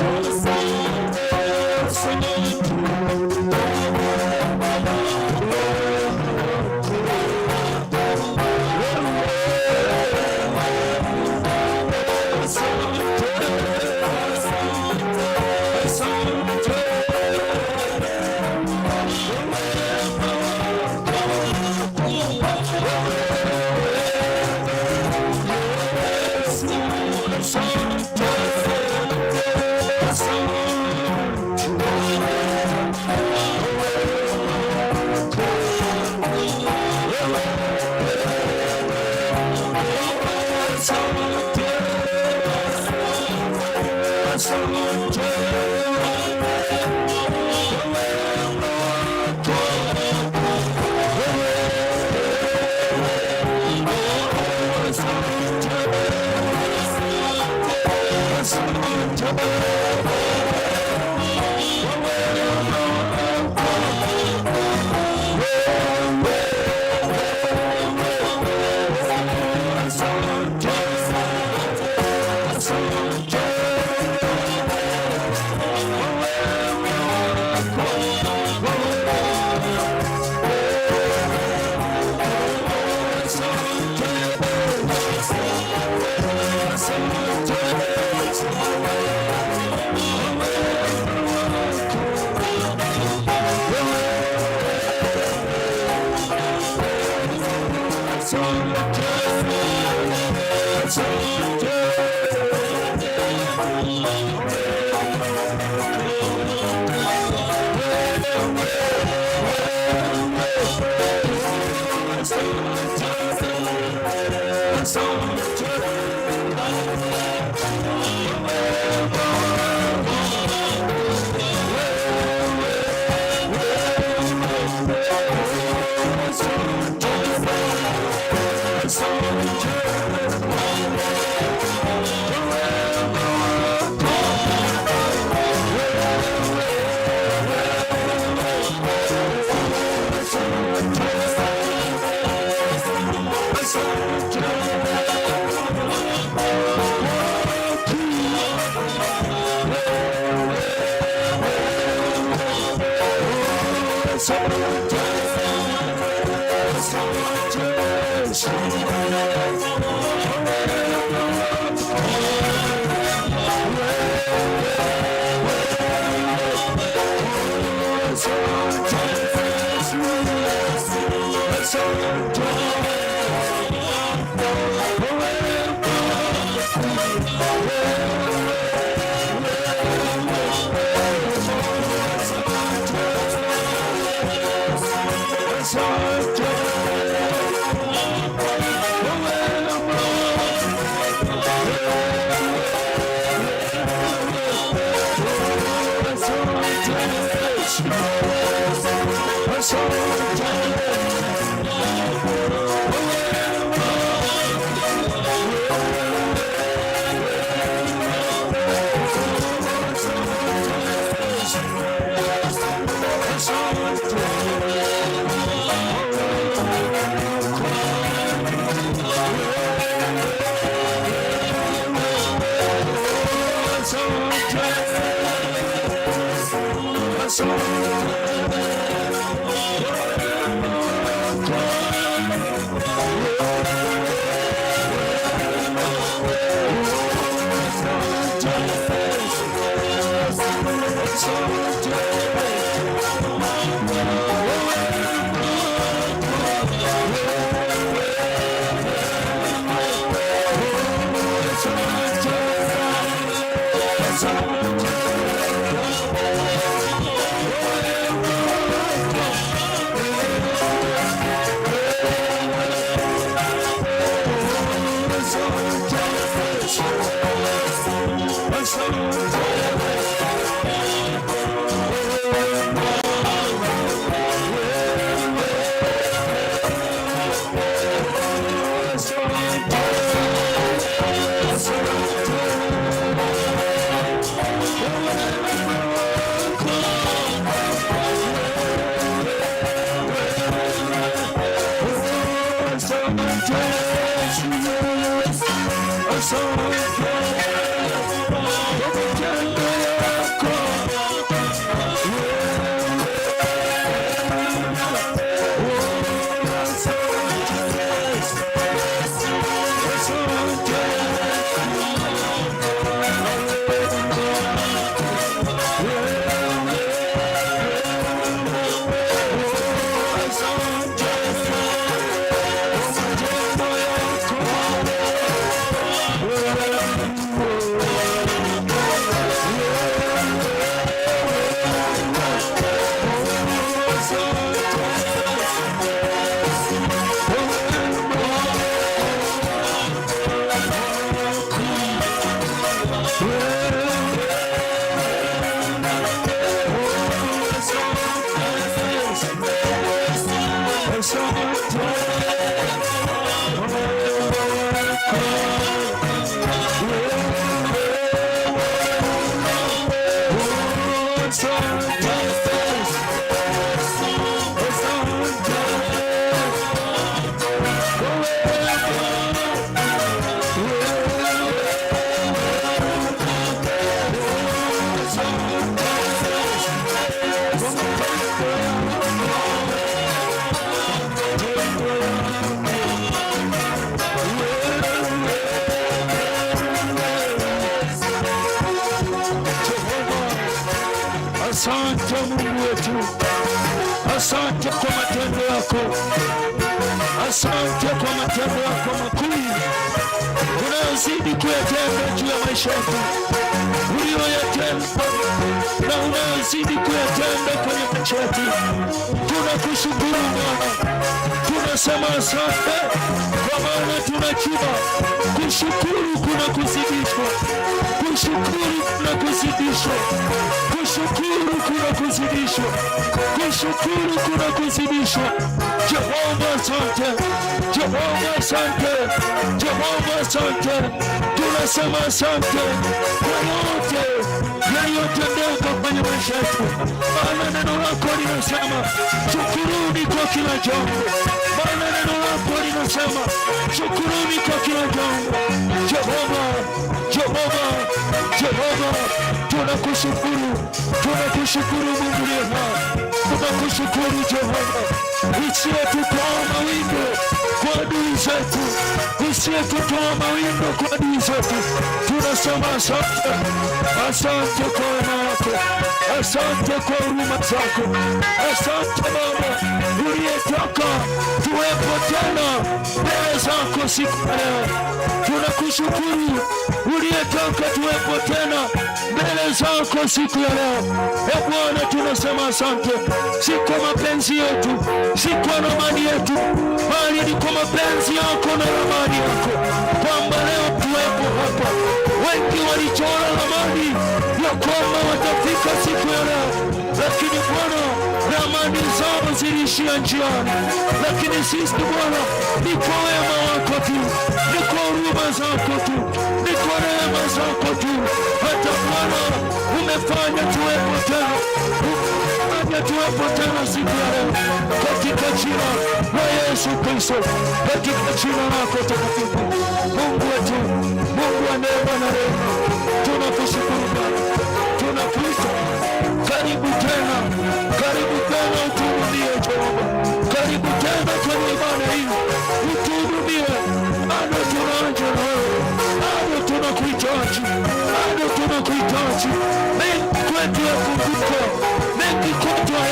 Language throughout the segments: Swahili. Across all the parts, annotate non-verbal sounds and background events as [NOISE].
Thank you. Master Lord Forever. soldier. so good. Well, Asante kwa matendo yako, asante kwa matendo yako makuu unayozidi kuyatenda juu ya maisha yetu, uliyoyatenda na unayozidi kuyatenda kwenye maisha yetu. Tunakushukuru Bwana. Tunasema asante kwa maana tunajua kushukuru kuna kuzidishwa, kushukuru kuna kuzidishwa, kushukuru kuna kuzidishwa, kushukuru kuna kuzidishwa. Jehova asante, Jehova asante, Jehova asante. Tunasema asante kwa yote yaliyotendeka kwenye maisha yetu, maana neno lako linasema shukuruni kwa kila jambo, maana neno lako linasema shukuruni kwa kila jambo. Jehova, Jehova, Jehova, tunakushukuru, tunakushukuru Mungu liha, tunakushukuru Jehova, ichie tukao mawingu kwa adui zetu, tusiye kutoa mawindo kwa adui zetu. Tunasema asante, asante kwa wema wako, asante kwa huruma zako, asante Baba uliyetaka tuwepo tena mbele zako siku ya leo. Tunakushukuru uliyetoka tuwepo tena mbele zako siku ya leo. E Bwana, tunasema asante, si kwa mapenzi yetu, si kwa amani yetu, bali kwa mapenzi yako na ramani yako, kwamba leo tuwepo hapa. Wengi walichora ramani ya kwamba watafika siku ya leo, lakini Bwana ramani zao ziliishia njiani. Lakini sisi Bwana, ni kwa wema wako tu, ni kwa huruma zako tu, ni kwa rehema zako tu, hata Bwana umefanya tuwepo tena yatuwepo tena siku ya leo katika jina la Yesu Kristo, katika jina lako takatifu. Mungu wetu, Mungu wa neema na rehema, tunakushukuru Baba, tunakuita karibu tena, karibu tena utuhudumie Jehova, karibu tena kwenye ibada hii utuhudumie. Bado tunaanja na wewe, bado tunakuhitaji, bado tunakuhitaji. Mengi kwetu yakumbuka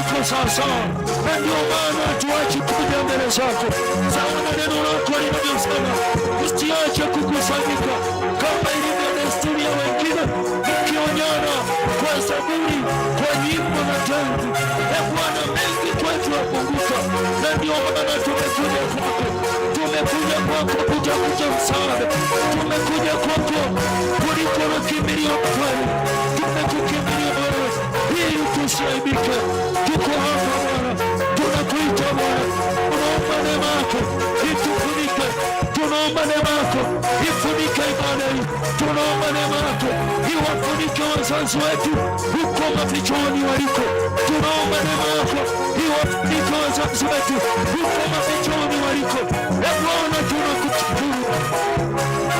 yako sasa, na ndio maana hatuachi kuja mbele zako sawa neno lako linavyosema, usiache kukusanyika kama ilivyo desturi ya wengine, mkionyana kwa zaburi, kwa nyimbo na tenzi. E Bwana, mengi kwetu yapunguka, na ndio maana tumekuja kwako, tumekuja kwako kuja msaada, tumekuja kwako kuliko na kimbilio mfali ili tusiaibike. Tuko hapa Bwana, tunakuita Bwana, tunaomba neema yako itufunike, tunaomba neema yako ifunike ibada hii, tunaomba neema yako iwafunike wazazi wetu huko mafichoni waliko, tunaomba neema yako iwafunike wazazi wetu huko mafichoni waliko. E Bwana, tunakushukuru,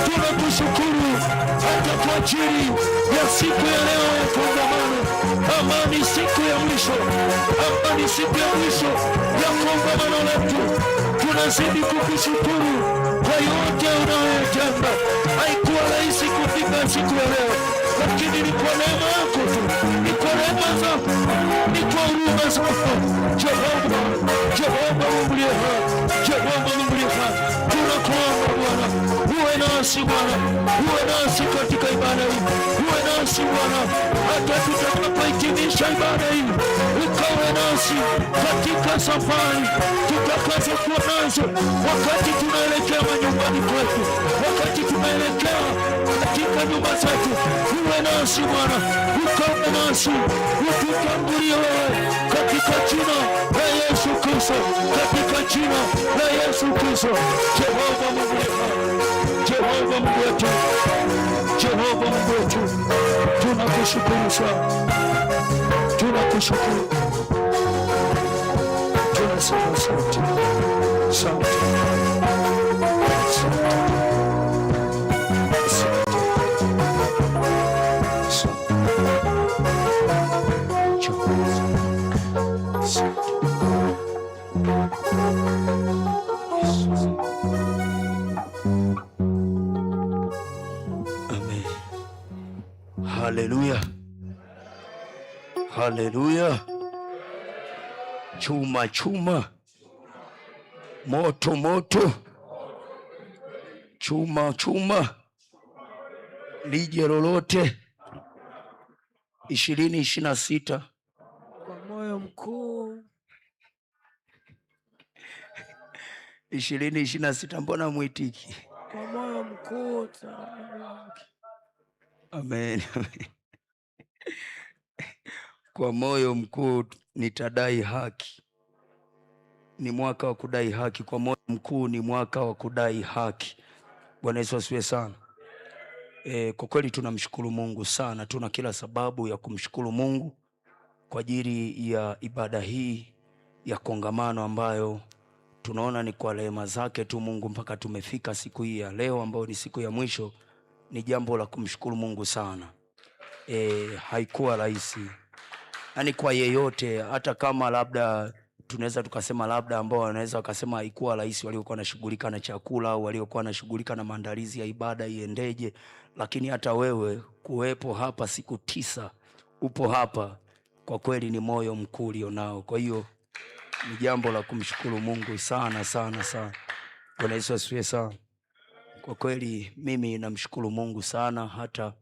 tunakushukuru hata kwa ajili ya siku ya leo ya kongamano kama ni siku ya mwisho, kama ni siku ya mwisho ya kongamano letu, tunazidi kukushukuru kwa yote unayoyatenda. Haikuwa rahisi kufika siku ya leo, lakini ni kwa neema yako tu, ni kwa neema zako, ni kwa huruma zako, Jehova, Jehova uliye hai nasi Bwana, uwe nasi katika ibada hii, uwe nasi Bwana, hata tutakapohitimisha ibada hii, ukawe nasi katika safari tutakazokuwa nazo, wakati tunaelekea manyumbani kwetu, wakati tunaelekea katika nyumba zetu, uwe nasi Bwana, ukawe nasi, ututangulie wewe, katika jina la Yesu Kristo, katika jina la Yesu Kristo, Jehova Mungu. Jehova Mungu wetu, Jehova Mungu wetu, tunakushukuru sana, tunakushukuru, tunasema asante, asante. Haleluya, haleluya! Chuma chuma, moto moto, chuma chuma, lije lolote. ishirini ishirini na sita kwa moyo mkuu. ishirini ishirini na sita mbona mwitiki? Kwa moyo mkuu. [LAUGHS] Amen. Kwa moyo mkuu nitadai haki. Ni mwaka wa kudai haki. Kwa moyo mkuu ni mwaka wa kudai haki. Bwana Yesu asifiwe sana. E, kwa kweli tunamshukuru Mungu sana. Tuna kila sababu ya kumshukuru Mungu kwa ajili ya ibada hii ya kongamano ambayo tunaona ni kwa rehema zake tu Mungu mpaka tumefika siku hii ya leo ambayo ni siku ya mwisho ni jambo la kumshukuru Mungu sana. E, haikuwa rahisi yaani kwa yeyote, hata kama labda tunaweza tukasema labda ambao wanaweza wakasema haikuwa rahisi, waliokuwa wanashughulika na chakula au waliokuwa wanashughulika na maandalizi ya ibada iendeje, lakini hata wewe kuwepo hapa siku tisa, upo hapa, kwa kweli ni moyo mkuu ulionao. Kwa hiyo ni jambo la kumshukuru Mungu sana sana sana. Bwana Yesu asifiwe sana. Kwa kweli mimi namshukuru Mungu sana hata